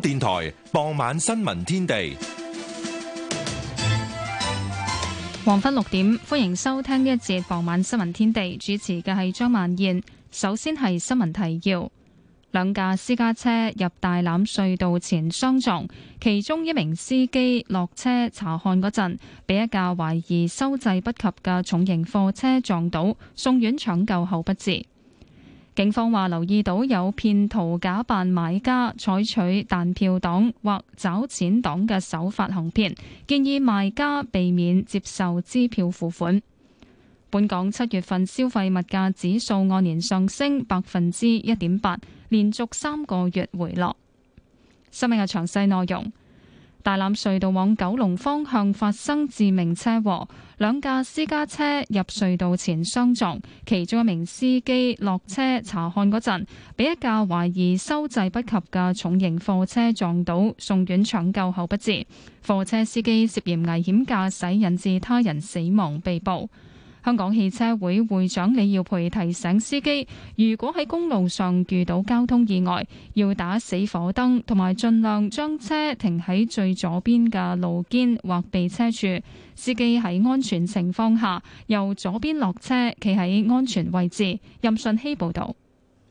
電台傍晚新聞天地，黃昏六點，歡迎收聽一節傍晚新聞天地，主持嘅係張曼燕。首先係新聞提要：兩架私家車入大欖隧道前相撞，其中一名司機落車查看嗰陣，被一架懷疑收制不及嘅重型貨車撞倒，送院搶救後不治。警方話留意到有騙徒假扮買家，採取彈票黨或找錢黨嘅手法行騙，建議賣家避免接受支票付款。本港七月份消費物價指數按年上升百分之一點八，連續三個月回落。新聞嘅詳細內容：大欖隧道往九龍方向發生致命車禍。兩架私家車入隧道前相撞，其中一名司機落車查看嗰陣，俾一架懷疑收制不及嘅重型貨車撞倒，送院搶救後不治。貨車司機涉嫌危險駕駛，引致他人死亡，被捕。香港汽車會會長李耀培提醒司機，如果喺公路上遇到交通意外，要打死火燈，同埋盡量將車停喺最左邊嘅路肩或避車處。司機喺安全情況下，由左邊落車，企喺安全位置。任信希報道。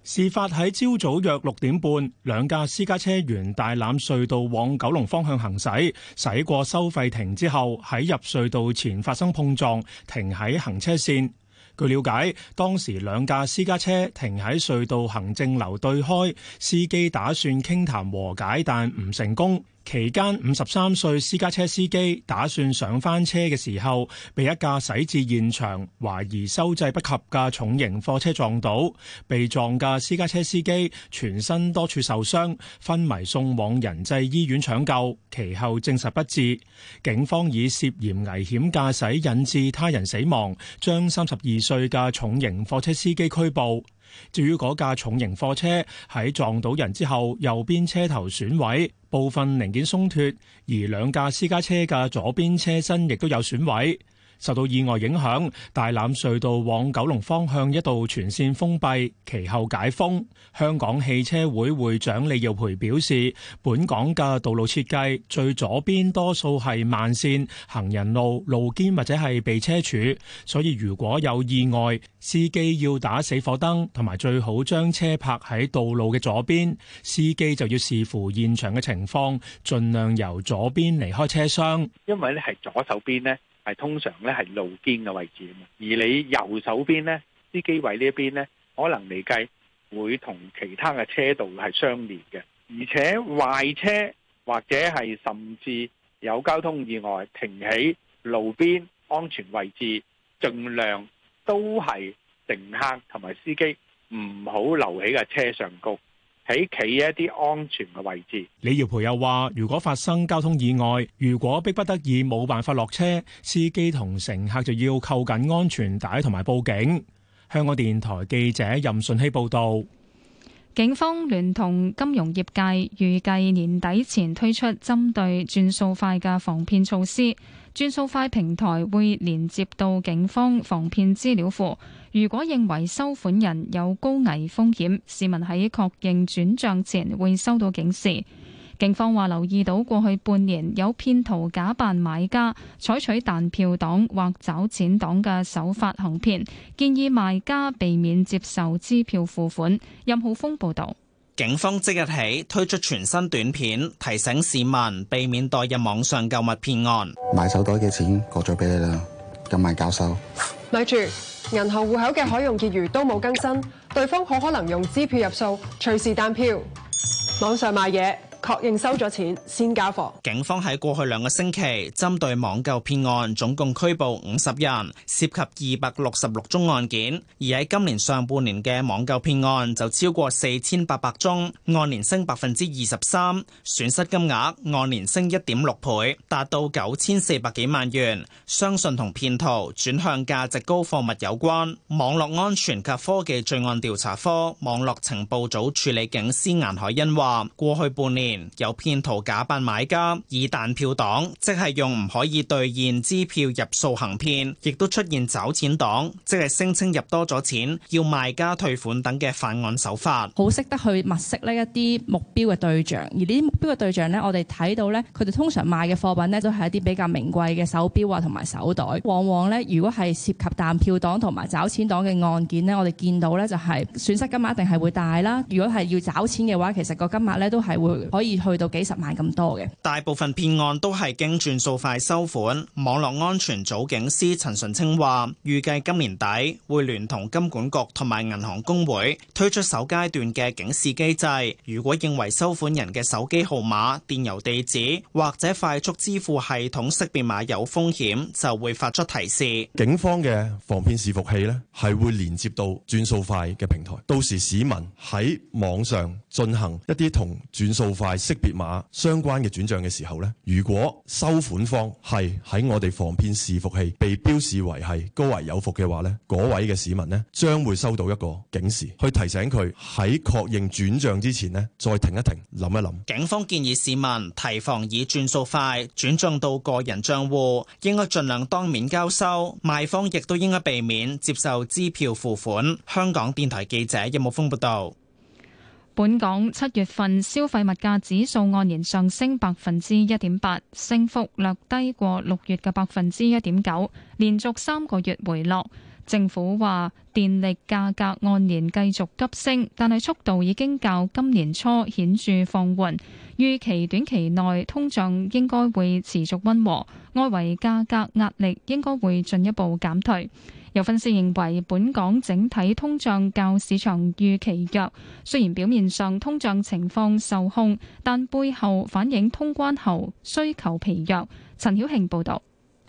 事發喺朝早約六點半，兩架私家車沿大欖隧道往九龍方向行駛，駛過收費亭之後，喺入隧道前發生碰撞，停喺行車線。據了解，當時兩架私家車停喺隧道行政樓對開，司機打算傾談和解，但唔成功。期間，五十三歲私家車司機打算上返車嘅時候，被一架駛至現場、懷疑收掣不及嘅重型貨車撞到。被撞嘅私家車司機全身多處受傷，昏迷送往仁濟醫院搶救，其後證實不治。警方以涉嫌危險駕駛引致他人死亡，將三十二歲嘅重型貨車司機拘捕。至於嗰架重型貨車，喺撞到人之後，右邊車頭損毀，部分零件鬆脱，而兩架私家車嘅左邊車身亦都有損毀。受到意外影響，大欖隧道往九龍方向一度全線封閉，其後解封。香港汽車會會長李耀培表示，本港嘅道路設計最左邊多數係慢線、行人路、路肩或者係避車處，所以如果有意外，司機要打死火燈，同埋最好將車泊喺道路嘅左邊。司機就要視乎現場嘅情況，盡量由左邊離開車廂，因為咧係左手邊咧，係通常咧係路肩嘅位置啊嘛，而你右手邊咧，司機位呢一邊咧，可能嚟計會同其他嘅車道係相連嘅，而且壞車或者係甚至有交通意外停喺路邊安全位置，盡量都係乘客同埋司機唔好留喺個車上高。喺企一啲安全嘅位置。李耀培又話，如果發生交通意外，如果迫不得已冇辦法落車，司機同乘客就要扣緊安全帶同埋報警。香港電台記者任順熙報道。警方聯同金融業界預計年底前推出針對轉數快嘅防騙措施。轉數快平台會連接到警方防騙資料庫。如果認為收款人有高危風險，市民喺確認轉賬前會收到警示。警方話留意到過去半年有騙徒假扮買家，採取彈票黨或找錢黨嘅手法行騙，建議賣家避免接受支票付款。任浩峰報導。警方即日起推出全新短片，提醒市民避免代入網上購物騙案。買手袋嘅錢過咗俾你啦，今晚交收。咪住，銀行戶口嘅可用結餘都冇更新，對方好可能用支票入數，隨時彈票。網上買嘢。確認收咗錢先交貨。警方喺過去兩個星期針對網購騙案，總共拘捕五十人，涉及二百六十六宗案件。而喺今年上半年嘅網購騙案就超過四千八百宗，按年升百分之二十三，損失金額按年升一點六倍，達到九千四百幾萬元。相信同騙徒轉向價值高貨物有關。網絡安全及科技罪案調查科網絡情報組處理警司顏海欣話：過去半年。有騙徒假扮買家，以彈票黨，即係用唔可以兌現支票入數行騙，亦都出現找錢黨，即係聲稱入多咗錢，要賣家退款等嘅犯案手法。好識得去物色呢一啲目標嘅對象，而呢啲目標嘅對象呢，我哋睇到呢，佢哋通常賣嘅貨品呢，都係一啲比較名貴嘅手錶啊同埋手袋。往往呢，如果係涉及彈票黨同埋找錢黨嘅案件呢，我哋見到呢，就係損失金額一定係會大啦。如果係要找錢嘅話，其實個金額呢，都係會。可以去到幾十萬咁多嘅，大部分騙案都係經轉數快收款。網絡安全組警司陳順清話，預計今年底會聯同金管局同埋銀行工會推出首階段嘅警示機制。如果認為收款人嘅手機號碼、電郵地址或者快速支付系統識別碼有風險，就會發出提示。警方嘅防騙伺服器咧，係會連接到轉數快嘅平台。到時市民喺網上進行一啲同轉數快。同埋識別碼相關嘅轉賬嘅時候呢，如果收款方係喺我哋防騙伺服器被標示為係高危有伏嘅話呢，嗰位嘅市民呢，將會收到一個警示，去提醒佢喺確認轉賬之前呢，再停一停，諗一諗。警方建議市民提防以轉數快轉賬到個人賬戶，應該盡量當面交收。賣方亦都應該避免接受支票付款。香港電台記者任木峰報道。本港七月份消費物價指數按年上升百分之一點八，升幅略低過六月嘅百分之一點九，連續三個月回落。政府話電力價格按年繼續急升，但係速度已經較今年初顯著放緩。預期短期內通脹應該會持續溫和，外圍價格壓力應該會進一步減退。有分析認為，本港整體通脹較市場預期弱。雖然表面上通脹情況受控，但背後反映通關後需求疲弱。陳曉慶報導。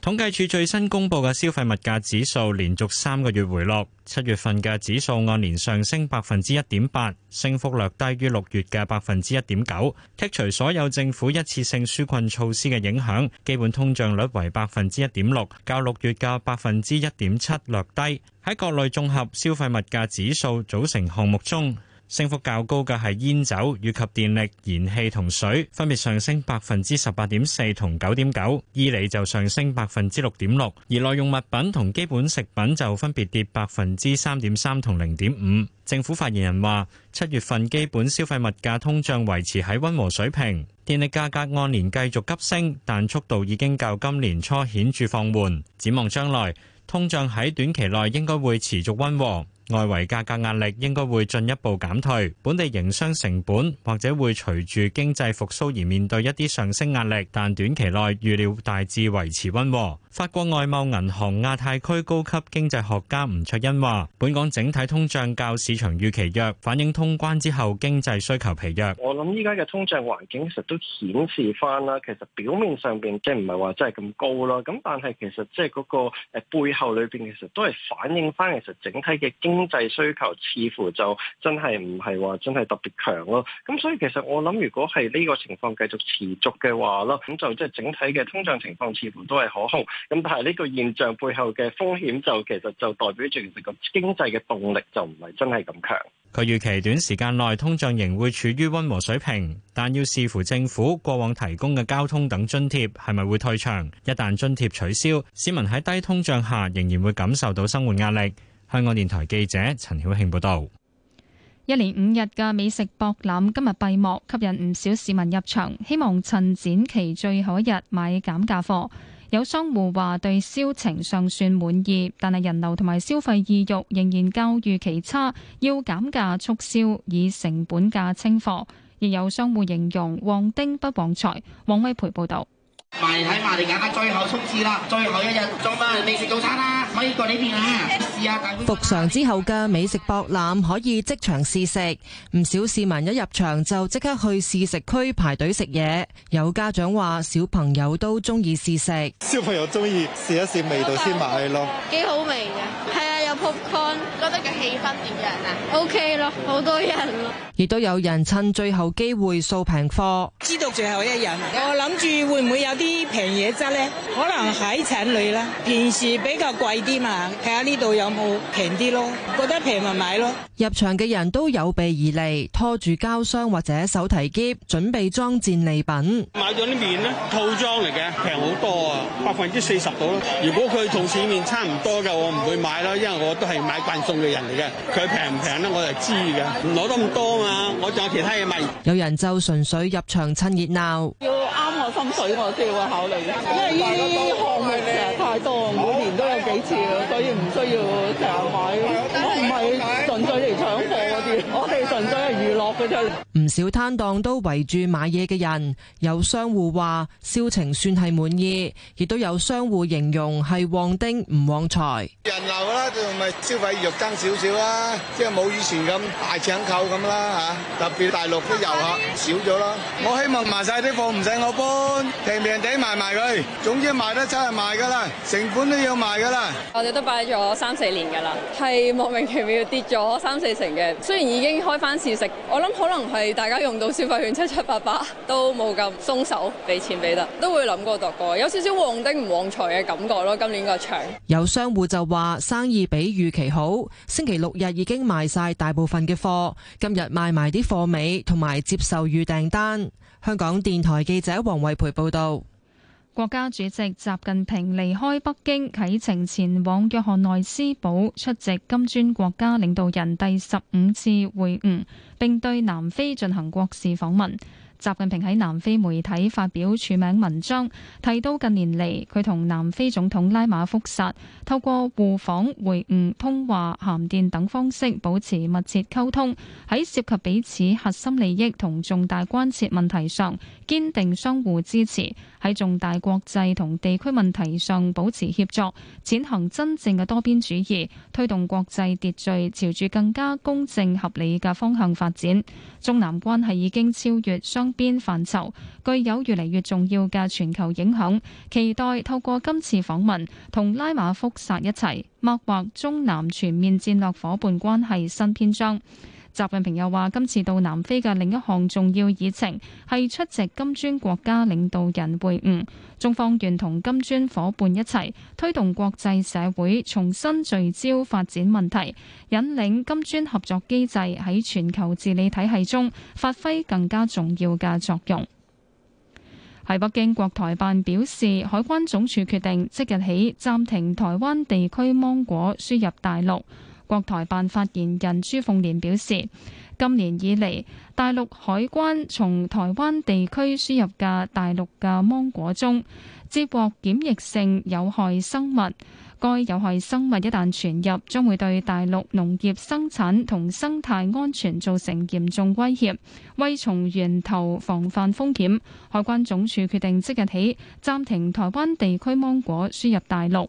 統計處最新公布嘅消費物價指數連續三個月回落，七月份嘅指數按年上升百分之一點八，升幅略低於六月嘅百分之一點九。剔除所有政府一次性紓困措施嘅影響，基本通脹率為百分之一點六，較六月嘅百分之一點七略低。喺各類綜合消費物價指數組成項目中，升幅較高嘅係煙酒以及電力、燃氣同水，分別上升百分之十八點四同九點九；衣類就上升百分之六點六，而耐用物品同基本食品就分別跌百分之三點三同零點五。政府發言人話：七月份基本消費物價通脹維持喺溫和水平，電力價格按年繼續急升，但速度已經較今年初顯著放緩。展望將來，通脹喺短期內應該會持續溫和。外圍價格壓力應該會進一步減退，本地營商成本或者會隨住經濟復蘇而面對一啲上升壓力，但短期內預料大致維持溫和。法國外貿銀行亞太區高級經濟學家吳卓欣話，本港整體通脹較市場預期弱，反映通關之後經濟需求疲弱。我諗依家嘅通脹環境其實都顯示翻啦，其實表面上邊即係唔係話真係咁高啦，咁但係其實即係嗰個誒背後裏邊其實都係反映翻其實整體嘅經。經濟需求似乎就真係唔係話真係特別強咯，咁所以其實我諗，如果係呢個情況繼續持續嘅話咯，咁就即係整體嘅通脹情況似乎都係可控，咁但係呢個現象背後嘅風險就其實就代表住其實個經濟嘅動力就唔係真係咁強。佢預期短時間內通脹仍會處於溫和水平，但要視乎政府過往提供嘅交通等津貼係咪會退場。一旦津貼取消，市民喺低通脹下仍然會感受到生活壓力。香港電台記者陳曉慶報道，一連五日嘅美食博覽今日閉幕，吸引唔少市民入場，希望趁展期最後一日買減價貨。有商戶話對銷情尚算滿意，但係人流同埋消費意欲仍然較預期差，要減價促銷以成本價清貨。亦有商戶形容旺丁不旺財。黃威培報道：埋睇埋，你揀下最後衝刺啦，最後一日，做乜未食早餐啊？可以過呢邊啊！復常之後嘅美食博覽可以即場試食，唔少市民一入場就即刻去試食區排隊食嘢。有家長話：小朋友都中意試食，小朋友中意試一試味道先買咯。幾好味嘅，係啊，有 popcorn。覺得個氣氛點樣啊？OK 咯，好多人咯。亦都有人趁最後機會掃平貨。知道最後一日，我諗住會唔會有啲平嘢質呢？可能海產類啦。平時比較貴啲嘛，睇下呢度有。有冇平啲咯？覺得平咪買咯。入場嘅人都有備而嚟，拖住膠箱或者手提篋，準備裝戰利品。買咗啲麵咧，套裝嚟嘅，平好多啊，百分之四十到啦。如果佢同市面差唔多嘅，我唔會買啦，因為我都係買慣送嘅人嚟嘅。佢平唔平咧，我就知嘅。唔攞得咁多嘛，我仲有其他嘢賣。有人就純粹入場趁熱鬧。要啱我心水，我先會考慮。因為呢項嘅嘢太多，唔會點考慮。所以唔需要成日買，我唔係純粹嚟搶貨嗰啲，我哋純粹係娛樂嘅啫。唔少攤檔都圍住買嘢嘅人，有商戶話銷情算係滿意，亦都有商戶形容係旺丁唔旺財。人流啦，同埋消費慾爭少少啦，即係冇以前咁大搶購咁啦吓。特別大陸啲遊客少咗啦。我希望賣晒啲貨唔使我搬，平平地賣埋佢。總之賣得出就賣噶啦，成本都要賣噶啦。我哋都擺咗三四年噶啦，係莫名其妙跌咗三四成嘅。雖然已經開翻試食，我諗可能係。大家用到消費券七七八八都冇咁鬆手俾錢俾得，都會諗過度過，有少少旺丁唔旺財嘅感覺咯。今年個場有商戶就話生意比預期好，星期六日已經賣晒大部分嘅貨，今日賣埋啲貨尾，同埋接受預訂單。香港電台記者黃慧培報道。國家主席習近平離開北京，啟程前往約翰內斯堡出席金磚國家領導人第十五次會晤，並對南非進行國事訪問。習近平喺南非媒體發表署名文章，提到近年嚟佢同南非總統拉馬福薩透過互訪、會晤、通話、函電等方式保持密切溝通，喺涉及彼此核心利益同重大關切問題上堅定相互支持，喺重大國際同地區問題上保持協作，踐行真正嘅多邊主義，推動國際秩序朝住更加公正合理嘅方向發展。中南關係已經超越雙邊範疇，具有越嚟越重要嘅全球影響，期待透過今次訪問同拉馬福薩一齊擘劃中南全面戰略夥伴關係新篇章。習近平又話：今次到南非嘅另一項重要議程，係出席金磚國家領導人會晤，中方願同金磚夥伴一齊推動國際社會重新聚焦發展問題，引領金磚合作機製喺全球治理體系中發揮更加重要嘅作用。喺北京，國台辦表示，海關總署決定即日起暫停台灣地區芒果輸入大陸。國台辦發言人朱鳳蓮表示，今年以嚟，大陸海關從台灣地區輸入嘅大陸嘅芒果中，接獲檢疫性有害生物。該有害生物一旦傳入，將會對大陸農業生產同生態安全造成嚴重威脅。為從源頭防範風險，海關總署決定即日起暫停台灣地區芒果輸入大陸。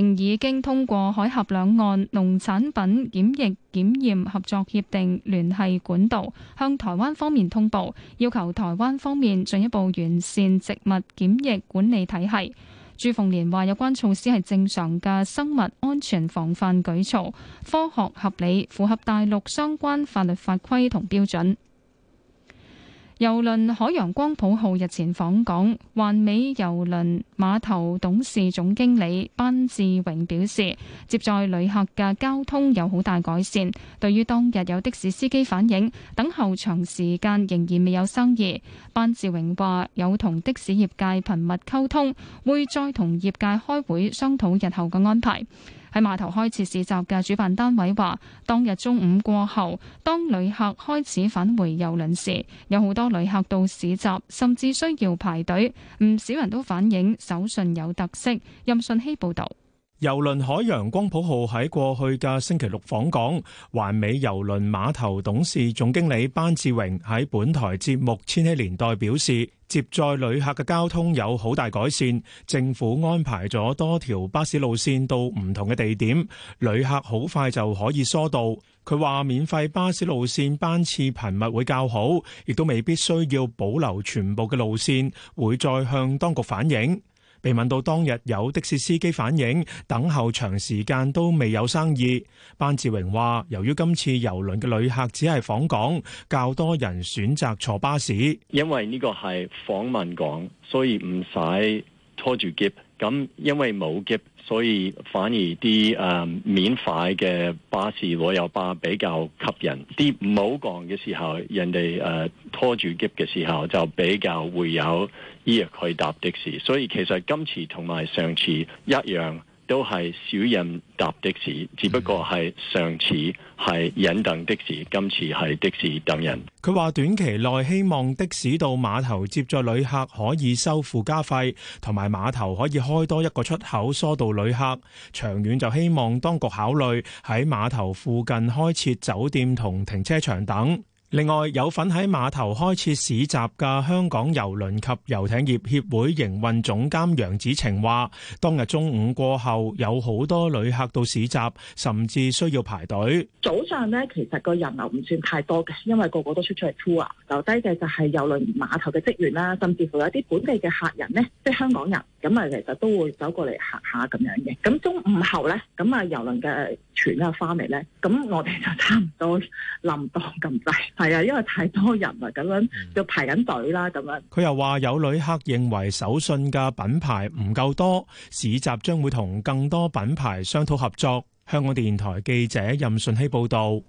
並已經通過海峽兩岸農產品檢疫檢驗，檢驗合作協定聯繫管道，向台灣方面通報，要求台灣方面進一步完善植物檢疫管理體系。朱鳳蓮話：有關措施係正常嘅生物安全防範舉措，科學合理，符合大陸相關法律法規同標準。郵輪海洋光譜號日前訪港，環美郵輪碼頭董事總經理班志榮表示，接載旅客嘅交通有好大改善。對於當日有的士司機反映，等候長時間仍然未有生意，班志榮話有同的士業界頻密溝通，會再同業界開會商討日後嘅安排。喺碼頭開設市集嘅主辦單位話，當日中午過後，當旅客開始返回郵輪時，有好多旅客到市集，甚至需要排隊。唔少人都反映手信有特色。任信希報導。郵輪海洋光譜號喺過去嘅星期六訪港，環美郵輪碼頭董事總經理班志榮喺本台節目《千禧年代》表示，接載旅客嘅交通有好大改善，政府安排咗多條巴士路線到唔同嘅地點，旅客好快就可以疏導。佢話免費巴士路線班次頻密會較好，亦都未必需要保留全部嘅路線，會再向當局反映。被問到當日有的士司機反映等候長時間都未有生意，班志榮話：由於今次郵輪嘅旅客只係訪港，較多人選擇坐巴士，因為呢個係訪問港，所以唔使拖住喼。咁因為冇喼。所以反而啲誒、嗯、免費嘅巴士旅遊巴比較吸引，啲唔好降嘅時候，人哋誒、呃、拖住喼嘅時候就比較會有意欲去搭的士，所以其實今次同埋上次一樣。都係少人搭的士，只不過係上次係人等的士，今次係的士等人。佢話短期內希望的士到碼頭接載旅客可以收附加費，同埋碼頭可以開多一個出口疏導旅客。長遠就希望當局考慮喺碼頭附近開設酒店同停車場等。另外，有份喺碼頭開設市集嘅香港郵輪及遊艇業協會營運總監楊子晴話，當日中午過後有好多旅客到市集，甚至需要排隊。早上咧，其實個人流唔算太多嘅，因為個個都出出去 tour，留低嘅就係郵輪碼頭嘅職員啦，甚至乎有啲本地嘅客人呢，即係香港人，咁啊其實都會走過嚟行下咁樣嘅。咁中午後咧，咁啊郵輪嘅船咧翻嚟咧，咁我哋就差唔多冧檔咁滯。係啊，因為太多人啊，咁樣就排緊隊啦，咁樣。佢又話有旅客認為手信嘅品牌唔夠多，市集將會同更多品牌商討合作。香港電台記者任順希報導。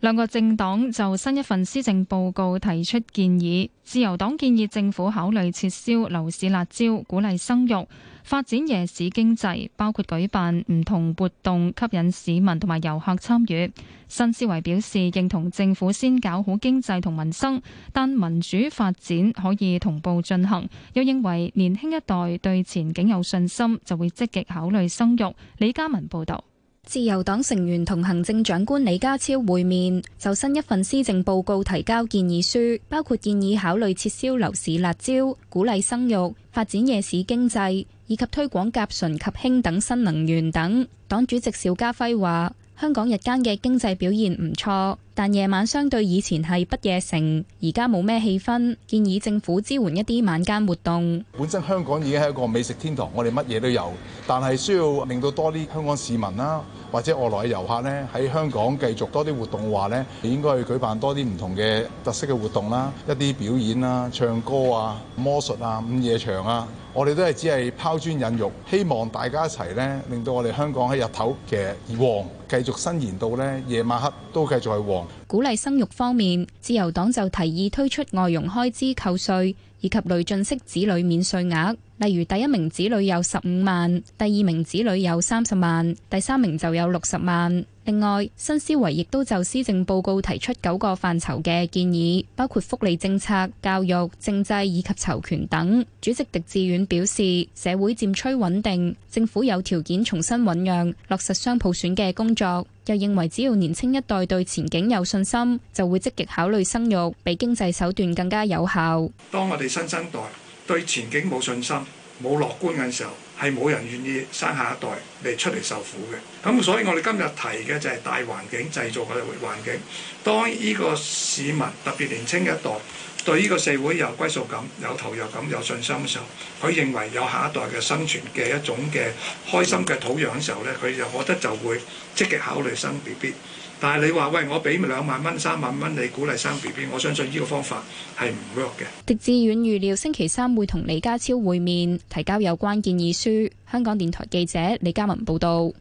兩個政黨就新一份施政報告提出建議。自由黨建議政府考慮撤銷樓市辣招、鼓勵生育、發展夜市經濟，包括舉辦唔同活動，吸引市民同埋遊客參與。新思維表示認同政府先搞好經濟同民生，但民主發展可以同步進行。又認為年輕一代對前景有信心，就會積極考慮生育。李嘉文報道。自由黨成員同行政長官李家超會面，就新一份施政報告提交建議書，包括建議考慮撤銷樓市辣招、鼓勵生育、發展夜市經濟以及推廣甲醇及氫等新能源等。黨主席邵家輝話：香港日間嘅經濟表現唔錯。但夜晚相對以前係不夜城，而家冇咩氣氛，建議政府支援一啲晚間活動。本身香港已經係一個美食天堂，我哋乜嘢都有，但係需要令到多啲香港市民啦、啊，或者外來嘅遊客咧，喺香港繼續多啲活動嘅話咧，應該去舉辦多啲唔同嘅特色嘅活動啦、啊，一啲表演啦、啊、唱歌啊、魔術啊、午夜場啊，我哋都係只係拋磚引玉，希望大家一齊咧，令到我哋香港喺日頭嘅旺，繼續伸延到咧夜晚黑都繼續係旺。鼓勵生育方面，自由黨就提議推出外傭開支扣稅，以及累進式子女免稅額，例如第一名子女有十五萬，第二名子女有三十萬，第三名就有六十萬。另外，新思維亦都就施政報告提出九個範疇嘅建議，包括福利政策、教育、政制以及籌權等。主席狄志遠表示，社會漸趨穩定，政府有條件重新醞釀，落實雙普選嘅工作。又認為，只要年輕一代對前景有信心，就會積極考慮生育，比經濟手段更加有效。當我哋新生代對前景冇信心、冇樂觀嘅時候，係冇人願意生下一代嚟出嚟受苦嘅，咁所以我哋今日提嘅就係大環境製造佢哋嘅環境。當呢個市民，特別年青一代對呢個社會有歸屬感、有投入感、有信心嘅時候，佢認為有下一代嘅生存嘅一種嘅開心嘅土壤嘅時候呢，佢就覺得就會積極考慮生 BB。但係你話喂，我俾兩萬蚊、三萬蚊你鼓勵生 B B，我相信呢個方法係唔 work 嘅。狄志遠預料星期三會同李家超會面，提交有關建議書。香港電台記者李嘉文報道。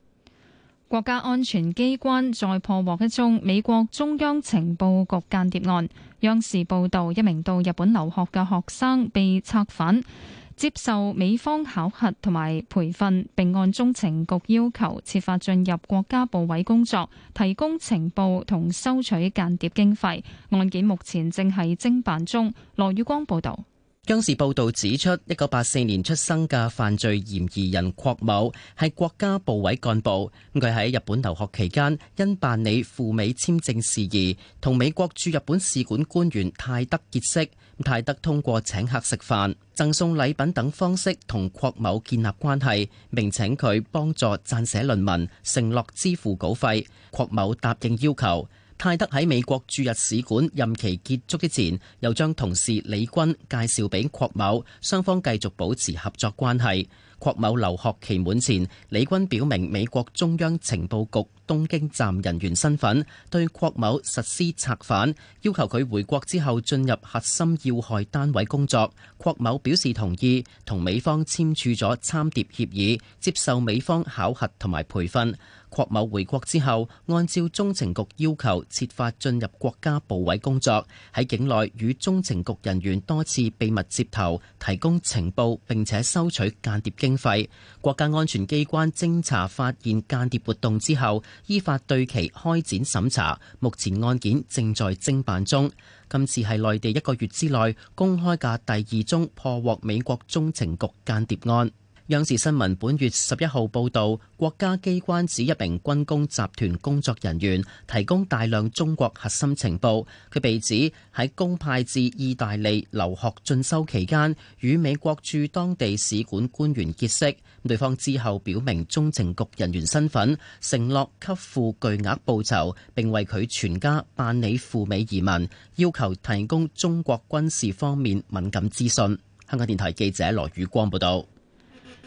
國家安全機關再破獲一宗美國中央情報局間諜案。央視報導，一名到日本留學嘅學生被策反。接受美方考核同埋培訓，並按中情局要求設法進入國家部委工作，提供情報同收取間諜經費。案件目前正係偵辦中。羅宇光報道。央視報道指出，一九八四年出生嘅犯罪嫌疑人郭某係國家部委幹部。佢喺日本留學期間，因辦理赴美簽證事宜，同美國駐日本使館官員泰德結識。泰德通過請客食飯、贈送禮品等方式同郭某建立關係，並請佢幫助撰寫論文，承諾支付稿費。郭某答應要求。泰德喺美國駐日使館任期結束之前，又將同事李軍介紹俾郭某，雙方繼續保持合作關係。郭某留學期滿前，李軍表明美國中央情報局東京站人員身份，對郭某實施策反，要求佢回國之後進入核心要害單位工作。郭某表示同意，同美方簽署咗參諜協議，接受美方考核同埋培訓。郭某回國之後，按照中情局要求，設法進入國家部委工作，喺境內與中情局人員多次秘密接頭，提供情報並且收取間諜經費。國家安全機關偵查發現間諜活動之後，依法對其開展審查，目前案件正在偵辦中。今次係內地一個月之內公開嘅第二宗破獲美國中情局間諜案。央視新聞本月十一號報道，國家機關指一名軍工集團工作人員提供大量中國核心情報。佢被指喺公派至意大利留學進修期間，與美國駐當地使館官員結識。對方之後表明中情局人員身份，承諾給付巨額報酬，並為佢全家辦理赴美移民，要求提供中國軍事方面敏感資訊。香港電台記者羅宇光報道。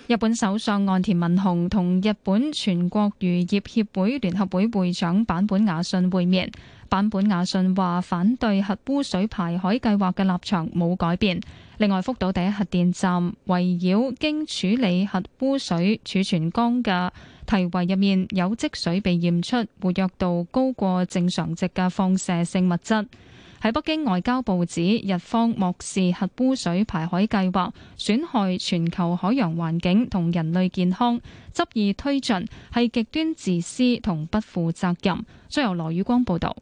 日本首相岸田文雄同日本全國漁業協會聯合會會長坂本雅信會面。坂本雅信話反對核污水排海計劃嘅立場冇改變，另外，福島第一核電站圍繞經處理核污水儲存缸嘅堤圍入面有積水被驗出活躍度高過正常值嘅放射性物質。喺北京，外交部指日方漠視核污水排海計劃，損害全球海洋環境同人類健康，執意推進係極端自私同不負責任。將由羅宇光報道。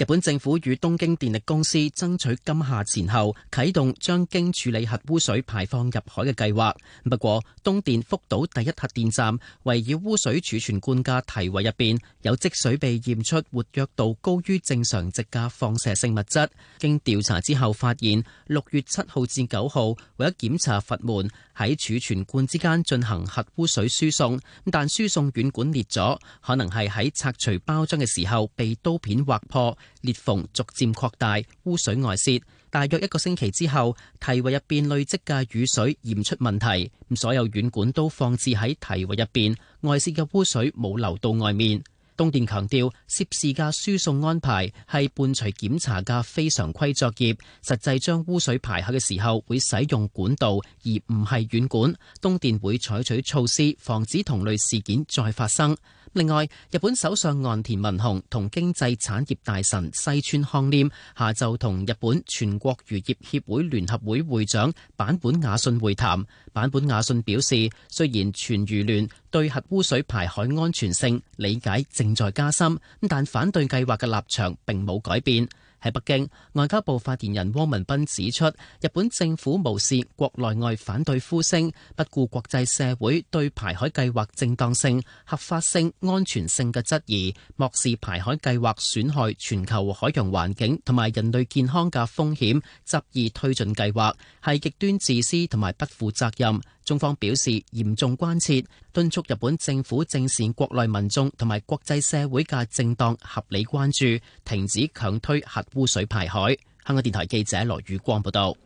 日本政府與東京電力公司爭取今夏前後啟動將經處理核污水排放入海嘅計劃。不過，東電福島第一核電站圍繞污水儲存罐嘅堤圍入邊有積水，被驗出活躍度高於正常值嘅放射性物質。經調查之後發現，六月七號至九號為咗檢查閥門喺儲存罐之間進行核污水輸送，但輸送軟管裂咗，可能係喺拆除包裝嘅時候被刀片劃破。裂縫逐漸擴大，污水外泄。大約一個星期之後，堤圍入邊累積嘅雨水驗出問題。所有軟管都放置喺堤圍入邊，外泄嘅污水冇流到外面。東電強調，涉事嘅輸送安排係伴隨檢查嘅非常規作業。實際將污水排下嘅時候，會使用管道而唔係軟管。東電會採取措施防止同類事件再發生。另外，日本首相岸田文雄同經濟產業大臣西村康稔下晝同日本全國漁業協會聯合會會長坂本雅信會談。坂本雅信表示，雖然全漁聯對核污水排海安全性理解正在加深，但反對計劃嘅立場並冇改變。喺北京，外交部發言人汪文斌指出，日本政府無視國內外反對呼聲，不顧國際社會對排海計劃正當性、合法性、安全性嘅質疑，漠視排海計劃損害全球海洋環境同埋人類健康嘅風險，執意推進計劃，係極端自私同埋不負責任。中方表示嚴重關切，敦促日本政府正視國內民眾同埋國際社會嘅正當合理關注，停止強推核污水排海。香港電台記者羅宇光報道。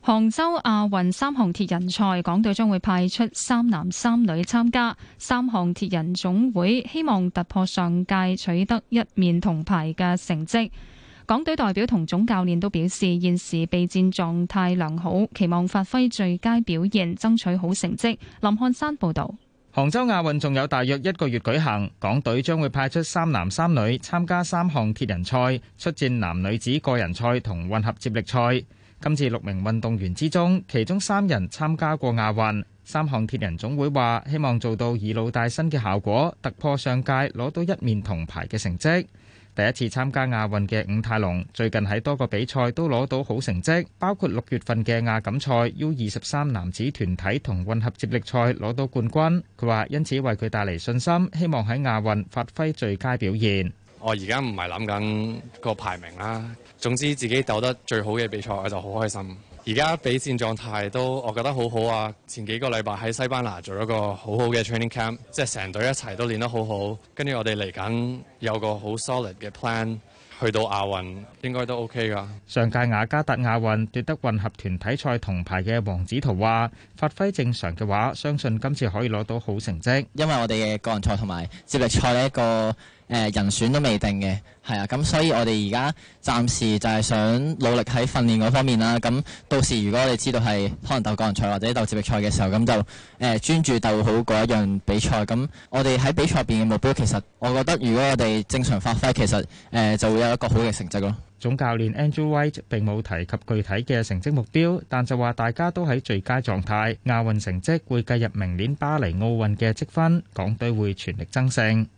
杭州亞運三項鐵人賽，港隊將會派出三男三女參加三項鐵人總會，希望突破上屆取得一面銅牌嘅成績。港隊代表同總教練都表示，現時備戰狀態良好，期望發揮最佳表現，爭取好成績。林漢山報導。杭州亞運仲有大約一個月舉行，港隊將會派出三男三女參加三項鐵人賽，出戰男女子個人賽同混合接力賽。今次六名運動員之中，其中三人參加過亞運。三項鐵人總會話，希望做到以老帶新嘅效果，突破上屆攞到一面銅牌嘅成績。第一次參加亞運嘅伍太龍，最近喺多個比賽都攞到好成績，包括六月份嘅亞錦賽 U 二十三男子團體同混合接力賽攞到冠軍。佢話：因此為佢帶嚟信心，希望喺亞運發揮最佳表現。我而家唔係諗緊個排名啦，總之自己鬥得最好嘅比賽，我就好開心。而家備戰狀態都我覺得好好啊！前幾個禮拜喺西班牙做咗個好好嘅 training camp，即係成隊一齊都練得好好。跟住我哋嚟緊有個好 solid 嘅 plan，去到亞運應該都 OK 㗎。上屆雅加達亞運奪得混合團體賽銅牌嘅黃子圖話：發揮正常嘅話，相信今次可以攞到好成績，因為我哋嘅個人賽同埋接力賽呢一個人選都未定嘅，係啊，咁所以我哋而家暫時就係想努力喺訓練嗰方面啦。咁到時如果我哋知道係可能鬥個人賽或者鬥接力賽嘅時候，咁就誒、呃、專注鬥好嗰一樣比賽。咁我哋喺比賽邊嘅目標，其實我覺得如果我哋正常發揮，其實誒、呃、就會有一個好嘅成績咯。總教練 Andrew White 並冇提及具體嘅成績目標，但就話大家都喺最佳狀態，亞運成績會計入明年巴黎奧運嘅積分，港隊會全力爭勝。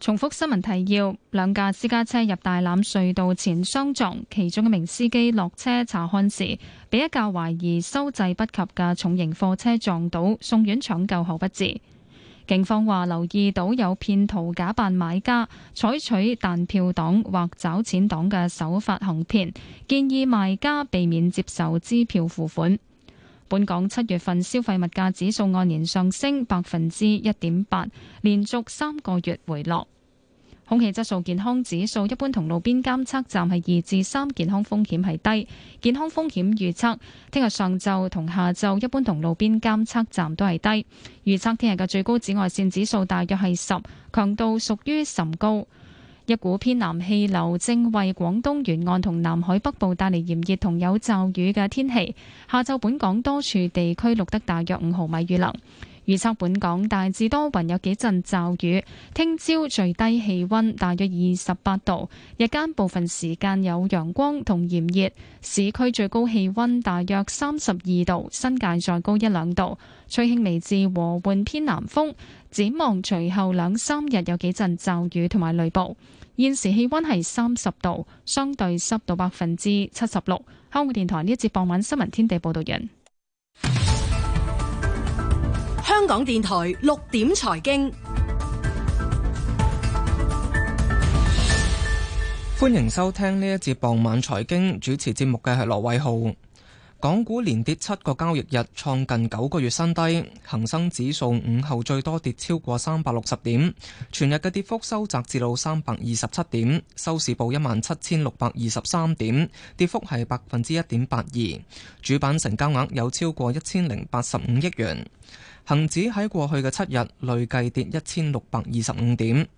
重複新聞提要：兩架私家車入大欖隧道前相撞，其中一名司機落車查看時，俾一架懷疑收掣不及嘅重型貨車撞到，送院搶救後不治。警方話留意到有騙徒假扮買家，採取彈票黨或找錢黨嘅手法行騙，建議賣家避免接受支票付款。本港七月份消費物價指數按年上升百分之一點八，連續三個月回落。空氣質素健康指數一般同路邊監測站係二至三，健康風險係低。健康風險預測，聽日上晝同下晝一般同路邊監測站都係低。預測聽日嘅最高紫外線指數大約係十，強度屬於甚高。一股偏南氣流正為廣東沿岸同南海北部帶嚟炎熱同有驟雨嘅天氣，下晝本港多處地區錄得大約五毫米雨量。預測本港大致多雲，有幾陣驟雨。聽朝最低氣溫大約二十八度，日間部分時間有陽光同炎熱。市區最高氣溫大約三十二度，新界再高一兩度。吹輕微至和緩偏南風。展望隨後兩三日有幾陣驟雨同埋雷暴。現時氣溫係三十度，相對濕度百分之七十六。香港電台呢一節傍晚新聞天地報道完。香港電台六點財經，歡迎收聽呢一節傍晚財經，主持節目嘅係羅偉浩。港股連跌七個交易日，創近九個月新低。恒生指數午後最多跌超過三百六十點，全日嘅跌幅收窄至到三百二十七點，收市報一萬七千六百二十三點，跌幅係百分之一點八二。主板成交額有超過一千零八十五億元。恒指喺過去嘅七日累計跌一千六百二十五點。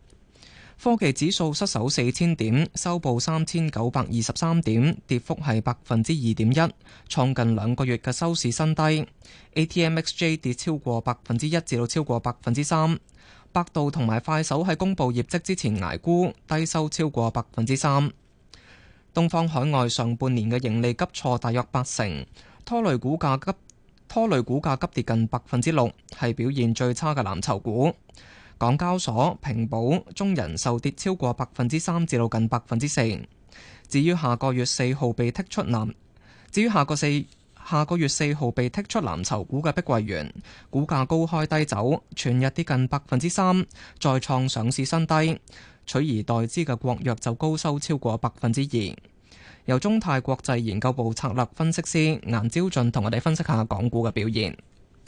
科技指數失守四千點，收報三千九百二十三點，跌幅係百分之二點一，創近兩個月嘅收市新低。ATMXJ 跌超過百分之一至到超過百分之三。百度同埋快手喺公布業績之前挨沽，低收超過百分之三。東方海外上半年嘅盈利急挫大約八成，拖累股價急。拖累股價急跌近百分之六，係表現最差嘅藍籌股。港交所、平保、中人壽跌超過百分之三，至到近百分之四。至於下個月四號被剔出藍，至於下個四下個月四號被剔出藍籌股嘅碧桂園，股價高開低走，全日跌近百分之三，再創上市新低。取而代之嘅國藥就高收超過百分之二。由中泰國際研究部策略分析師顏朝俊同我哋分析下港股嘅表現。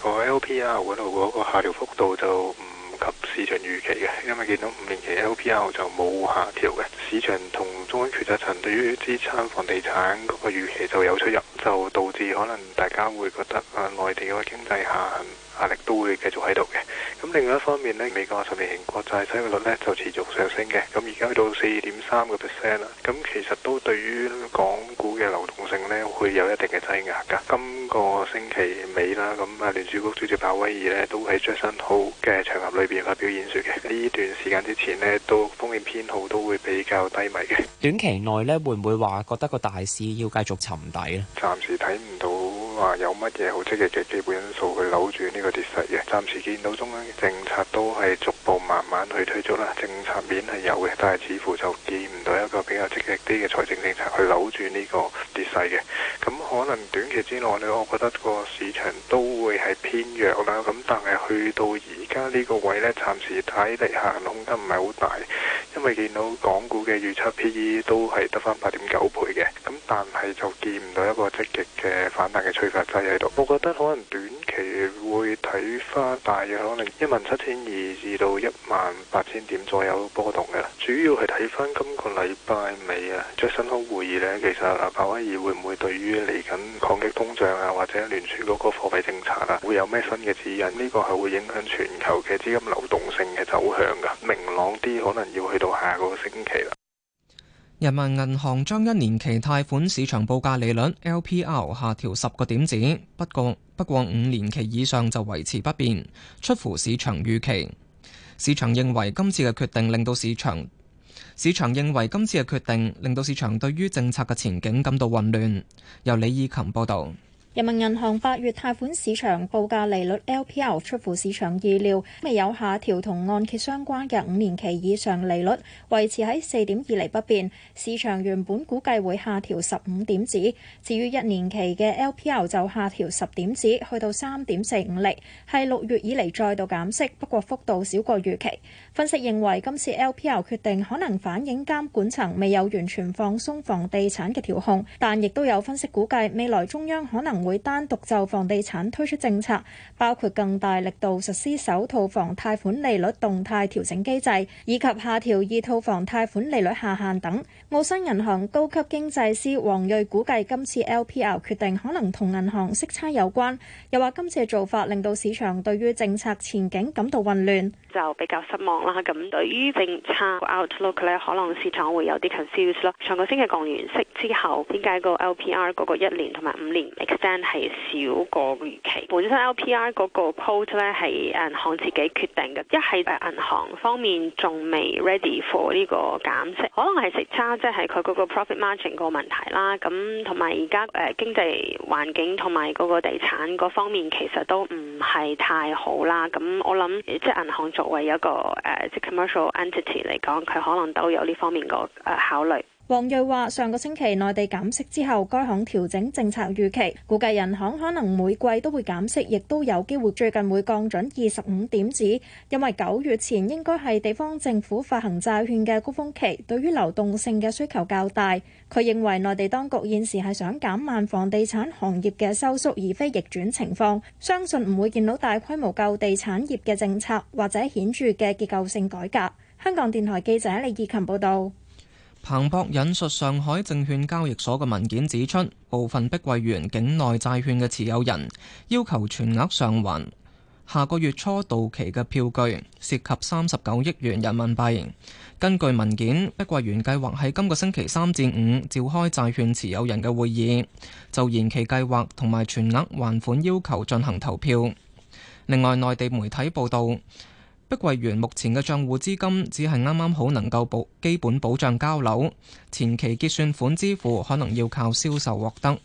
個 LPR 嗰度嗰個下調幅度就唔及市場預期嘅，因為見到五年期 LPR 就冇下調嘅。市場同中央決策層對於資產房地產嗰個預期就有出入，就導致可能大家會覺得啊，內地嗰個經濟下行。壓力都會繼續喺度嘅。咁另外一方面呢，美國十年國債收益率呢就持續上升嘅。咁而家去到四點三個 percent 啦。咁其實都對於港股嘅流動性呢會有一定嘅擠壓噶。今、這個星期尾啦，咁啊聯儲局主席鮑威爾呢都喺 Jackson Hole 嘅場合裏邊發表演説嘅。呢段時間之前呢，都風險偏好都會比較低迷嘅。短期內呢，會唔會話覺得個大市要繼續沉底呢？暫時睇唔到。話有乜嘢好積極嘅基本因素去扭轉呢個跌勢嘅？暫時見到中央政策都係逐步慢慢去推出啦，政策面係有嘅，但係似乎就見唔到一個比較積極啲嘅財政政策去扭轉呢個跌勢嘅。咁、嗯、可能短期之內咧，我覺得個市場都會係偏弱啦。咁、嗯、但係去到而家呢個位咧，暫時睇嚟下行空間唔係好大。因為見到港股嘅預測 P/E 都係得翻八點九倍嘅，咁但係就見唔到一個積極嘅反彈嘅催發劑喺度。我覺得可能短期會睇翻大約，可能一萬七千二至到一萬八千點左右波動嘅。主要係睇翻今個禮拜尾啊，最、就是、新好會議呢。其實啊，鮑威爾會唔會對於嚟緊抗擊通脹啊，或者聯儲嗰個貨幣政策啊，會有咩新嘅指引？呢、這個係會影響全球嘅資金流動性嘅走向㗎、啊。明。可能要去到下個星期。人民銀行將一年期貸款市場報價利率 LPR 下調十個點子，不過不過五年期以上就維持不變，出乎市場預期。市場認為今次嘅決定令到市場市場認為今次嘅決定令到市場對於政策嘅前景感到混亂。由李以琴報道。人民銀行八月貸款市場報價利率 LPR 出乎市場意料，未有下調同按揭相關嘅五年期以上利率，維持喺四點二釐不變。市場原本估計會下調十五點子，至於一年期嘅 LPR 就下調十點子，去到三點四五厘。係六月以嚟再度減息，不過幅度少過預期。分析認為今次 LPR 決定可能反映監管層未有完全放鬆房地產嘅調控，但亦都有分析估計未來中央可能會單獨就房地產推出政策，包括更大力度實施首套房貸款利率動態調整機制，以及下調二套房貸款利率下限等。澳新銀行高級經濟師黃瑞估計今次 LPR 決定可能同銀行息差有關，又話今次嘅做法令到市場對於政策前景感到混亂，就比較失望。啦，咁、嗯、對於政策 outlook 咧，可能市場會有啲 confused 咯。上個星期降完息之後，點解個 LPR 嗰個一年同埋五年 extend 係少過預期？本身 LPR 嗰個 rate 咧係銀行自己決定嘅，一係誒銀行方面仲未 ready for 呢個減息，可能係息差即係佢嗰個 profit margin 個問題啦。咁同埋而家誒經濟環境同埋嗰個地產嗰方面，其實都唔係太好啦。咁、嗯、我諗即係銀行作為一個。誒，即 commercial entity 嚟講，佢可能都有呢方面個誒考慮。王睿話：上個星期內地減息之後，該行調整政策預期，估計人行可能每季都會減息，亦都有機會最近會降準二十五點子。因為九月前應該係地方政府發行債券嘅高峰期，對於流動性嘅需求較大。佢認為內地當局現時係想減慢房地產行業嘅收縮，而非逆轉情況。相信唔會見到大規模救地產業嘅政策或者顯著嘅結構性改革。香港電台記者李義勤報道。彭博引述上海證券交易所嘅文件指出，部分碧桂園境內債券嘅持有人要求全額償還下個月初到期嘅票據涉及三十九億元人民幣。根據文件，碧桂園計劃喺今個星期三至五召開債券持有人嘅會議，就延期計劃同埋全額還款要求進行投票。另外，內地媒體報道。碧桂園目前嘅賬戶資金只係啱啱好能夠保基本保障交樓，前期結算款支付可能要靠銷售獲得。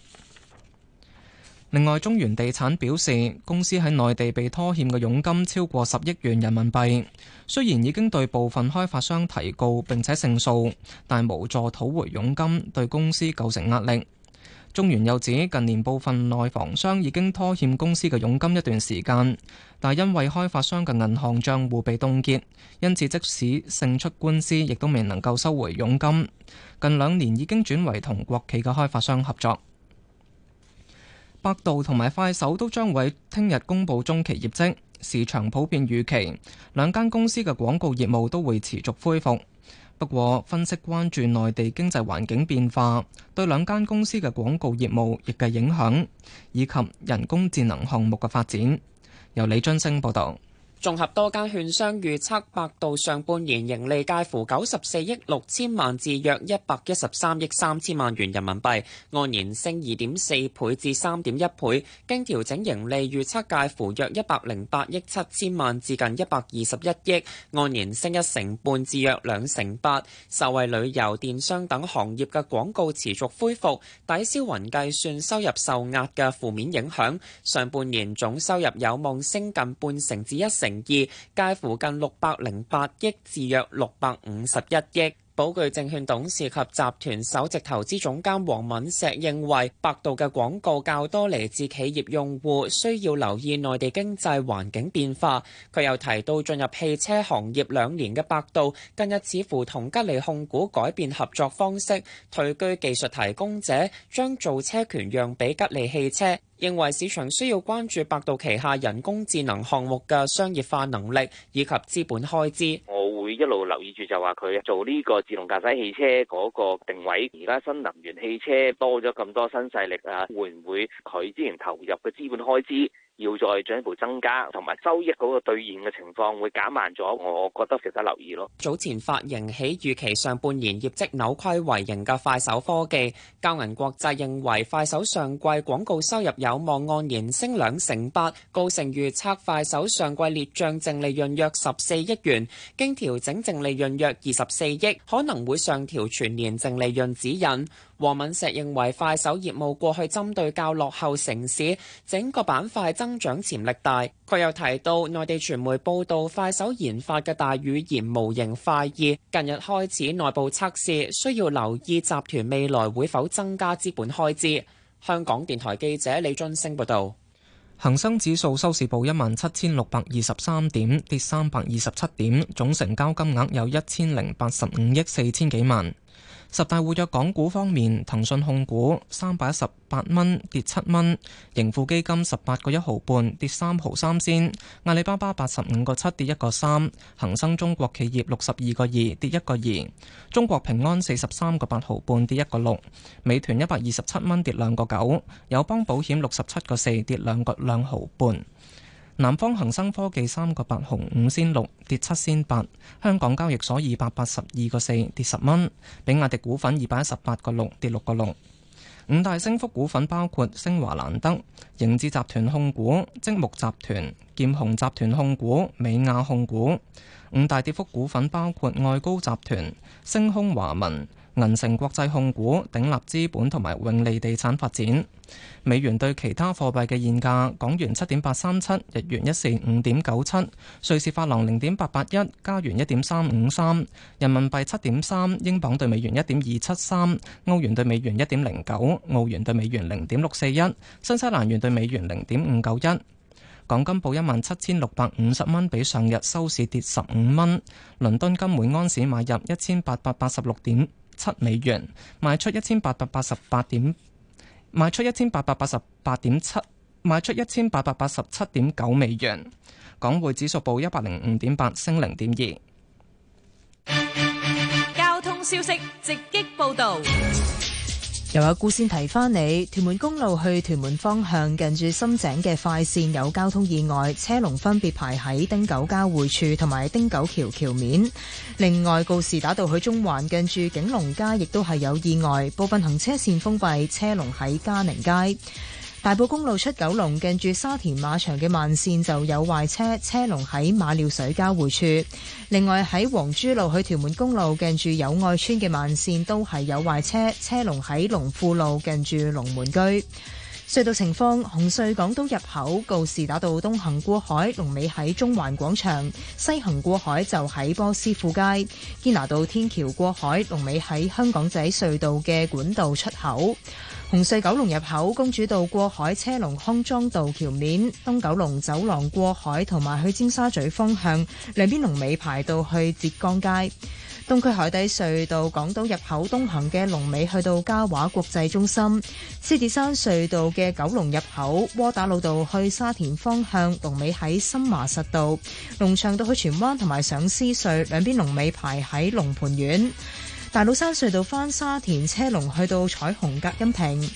另外，中原地產表示，公司喺內地被拖欠嘅佣金超過十億元人民幣，雖然已經對部分開發商提告並且勝訴，但無助討回佣金，對公司構成壓力。中原又指，近年部分內房商已經拖欠公司嘅佣金一段時間，但因為開發商嘅銀行賬戶被凍結，因此即使勝出官司，亦都未能夠收回佣金。近兩年已經轉為同國企嘅開發商合作。百度同埋快手都將會聽日公布中期業績，市場普遍預期兩間公司嘅廣告業務都會持續恢復。不過，分析關注內地經濟環境變化對兩間公司嘅廣告業務亦嘅影響，以及人工智能項目嘅發展。由李津升報道。綜合多間券商預測，預測百度上半年盈利介乎九十四億六千萬至約一百一十三億三千萬元人民幣，按年升二點四倍至三點一倍。經調整盈利預測介乎約一百零八億七千萬至近一百二十一億，按年升一成半至約兩成八。受惠旅遊、電商等行業嘅廣告持續恢復，抵消雲計算收入受壓嘅負面影響，上半年總收入有望升近半成至一成。介乎近六百零八億至約六百五十一億。寶鉅證券董事及集團首席投資總監黃敏石認為，百度嘅廣告較多嚟自企業用戶，需要留意內地經濟環境變化。佢又提到，進入汽車行業兩年嘅百度，近日似乎同吉利控股改變合作方式，退居技術提供者，將造車權讓俾吉利汽車。認為市場需要關注百度旗下人工智能項目嘅商業化能力以及資本開支。我會一路留意住，就話佢做呢個自動駕駛汽車嗰個定位。而家新能源汽車多咗咁多新勢力啊，會唔會佢之前投入嘅資本開支？要再進一步增加，同埋收益嗰個兌現嘅情況會減慢咗，我覺得值得留意咯。早前發盈喜預期上半年業績扭虧為盈嘅快手科技，交銀國際認為快手上季廣告收入有望按年升兩成八，高盛預測快手上季列賬淨利潤約十四億元，經調整淨利潤約二十四億，可能會上調全年淨利潤指引。黃敏石認為快手業務過去針對較落後城市，整個板塊增長潛力大。佢又提到，內地傳媒報道快手研發嘅大語言模型快意近日開始內部測試，需要留意集團未來會否增加資本開支。香港電台記者李津升報道。恒生指數收市報一萬七千六百二十三點，跌三百二十七點，總成交金額有一千零八十五億四千幾萬。十大活躍港股方面，騰訊控股三百一十八蚊跌七蚊，盈富基金十八個一毫半跌三毫三仙，阿里巴巴八十五個七跌一個三，恒生中國企業六十二個二跌一個二，中國平安四十三個八毫半跌一個六，美團一百二十七蚊跌兩個九，友邦保險六十七個四跌兩個兩毫半。南方恒生科技三個八紅五仙六跌七仙八，香港交易所二百八十二個四跌十蚊，比亞迪股份二百一十八個六跌六個六。五大升幅股份包括星華蘭德、盈智集團控股、積木集團、劍雄集團控股、美亞控股。五大跌幅股份包括愛高集團、星空華文。銀城國際控股、鼎立資本同埋永利地產發展。美元對其他貨幣嘅現價：港元七點八三七，日元一四五點九七，瑞士法郎零點八八一，加元一點三五三，人民幣七點三，英鎊兌美元一點二七三，歐元兌美元一點零九，澳元兌美元零點六四一，新西蘭元兌美元零點五九一。港金報一萬七千六百五十蚊，比上日收市跌十五蚊。倫敦金每安士買入一千八百八十六點七美元，賣出一千八百八十八點，賣出一千八百八十八點七，賣出一千八百八十七點九美元。港匯指數報一百零五點八，升零點二。交通消息直擊報道。又有告線提翻你，屯門公路去屯門方向近住深井嘅快線有交通意外，車龍分別排喺汀九交匯處同埋汀九橋橋面。另外，告士打道去中環近住景隆街，亦都係有意外，部分行車線封閉，車龍喺嘉寧街。大埔公路出九龍，近住沙田馬場嘅慢線就有壞車，車龍喺馬料水交匯處。另外喺黃珠路去屯門公路，近住友愛村嘅慢線都係有壞車，車龍喺龍富路近住龍門居。隧道情況：紅隧港島入口告士打道東行過海，龍尾喺中環廣場；西行過海就喺波斯富街。堅拿道天橋過海，龍尾喺香港仔隧道嘅管道出口。紅隧九龍入口、公主道過海車龍、康莊道橋面、東九龍走廊過海同埋去尖沙咀方向，兩邊龍尾排到去浙江街；東區海底隧道港島入口東行嘅龍尾去到嘉華國際中心；獅子山隧道嘅九龍入口、窩打老道去沙田方向龍尾喺深華實道；龍翔道去荃灣同埋上獅隧兩邊龍尾排喺龍蟠苑。大老山隧道返沙田車龍，去到彩虹隔音屏。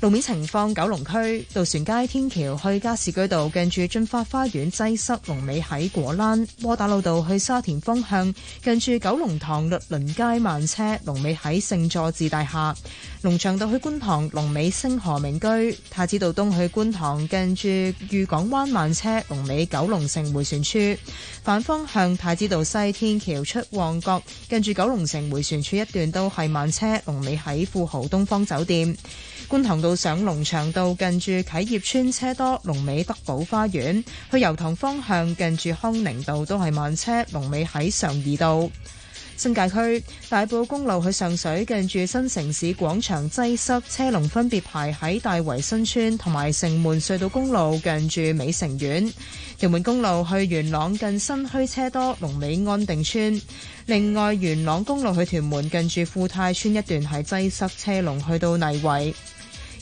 路面情況：九龍區渡船街天橋去加士居道，近住俊發花園擠塞；龍尾喺果欄。窩打老道去沙田方向，近住九龍塘律倫街慢車，龍尾喺聖佐治大廈。龍翔道去觀塘，龍尾星河名居。太子道東去觀塘，近住裕港灣慢車，龍尾九龍城迴旋處。反方向太子道西天橋出旺角，近住九龍城迴旋處一段都係慢車，龍尾喺富豪東方酒店。觀塘道。到上龍翔道近住啟業村，車多；龍尾德寶花園去油塘方向，近住康寧道都係慢車。龍尾喺常怡道，新界區大埔公路去上水，近住新城市廣場擠塞，車龍分別排喺大圍新村同埋城門隧道公路近住美城苑。屯門公路去元朗近新墟車多，龍尾安定村。另外，元朗公路去屯門近住富泰村一段係擠塞車龍，車龍去到泥圍。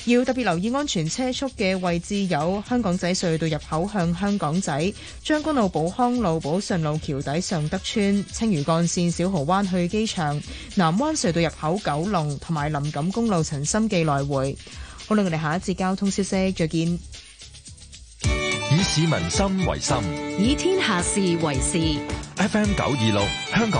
要特別留意安全車速嘅位置，有香港仔隧道入口向香港仔，將軍澳寶康路、寶順路、橋底、尚德邨、青嶼幹線小蠔灣去機場、南灣隧道入口、九龍同埋林錦公路陳心記來回。好啦，我哋下一節交通消息，再見。以市民心為心，以天下事為事。FM 九二六香港。